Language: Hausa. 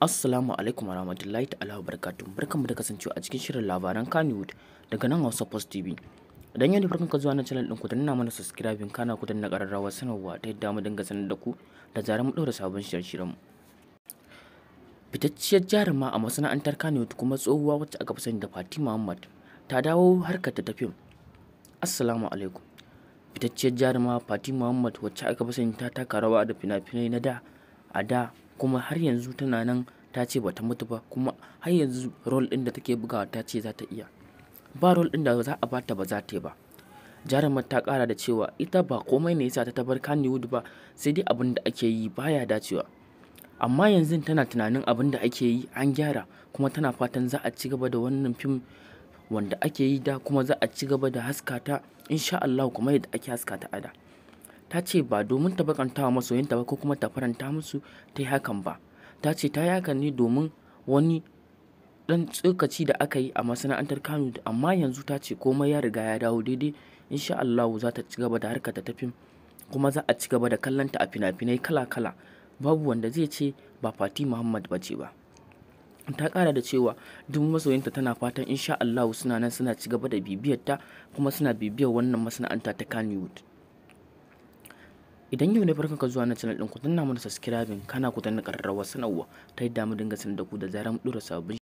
Assalamu alaikum wa warahmatullahi ta'ala wabarakatuh. mu da kasancewa a cikin shirin labaran kanywood daga nan Hausa Post TV. dan yau ne farkon ka zuwa na channel din ku danna mana subscribe kana ku na kararrawa sanarwa ta yadda mu dinga sanar da ku da zarar mu daura sabon shirin-shirin mu. Fitacciyar jaruma a masana'antar kanywood kuma tsohuwa wacce aka fi sani da Fatima Muhammad ta dawo harkar ta fim. Assalamu alaikum. Fitacciyar jaruma Fatima Muhammad wacce aka fi sani ta taka rawa da fina-finai na da a da kuma har yanzu tana nan ta ce bata mutu ba kuma har yanzu rol din da take bugawa ta ce za ta iya ba rol din da za a bata ba za ta ba jarumar ta kara da cewa ita ba komai ne yasa ta tabar kanewood ba sai dai abin da ake yi baya dacewa amma yanzu tana tunanin abin da ake yi an gyara kuma tana fatan za a ci gaba da wannan fim wanda ake yi da kuma za a ci gaba da haskata insha Allah kuma yadda ake haskata a da ta ce ba domin ta bakanta wa masoyinta ba ko kuma ta faranta musu ta yi hakan ba ta ce ta yi hakan ne domin wani dan tsokaci da aka yi a masana'antar kano amma yanzu ta ce komai ya riga ya dawo daidai insha allahu za ta ci gaba da harkar ta fim kuma za a ci gaba da kallonta a fina-finai kala-kala babu wanda zai ce ba fati muhammad ba ce ba ta kara da cewa duk masoyinta tana fatan insha allahu suna nan suna ci gaba da bibiyarta kuma suna bibiyar wannan masana'anta ta kannywood idan yau ne farkon ka zuwa na channel din ku danna mana subscribing kana ku danna ƙararrawar sanarwa ta yadda mu dinga sanin da ku da zaran mu dora sabbin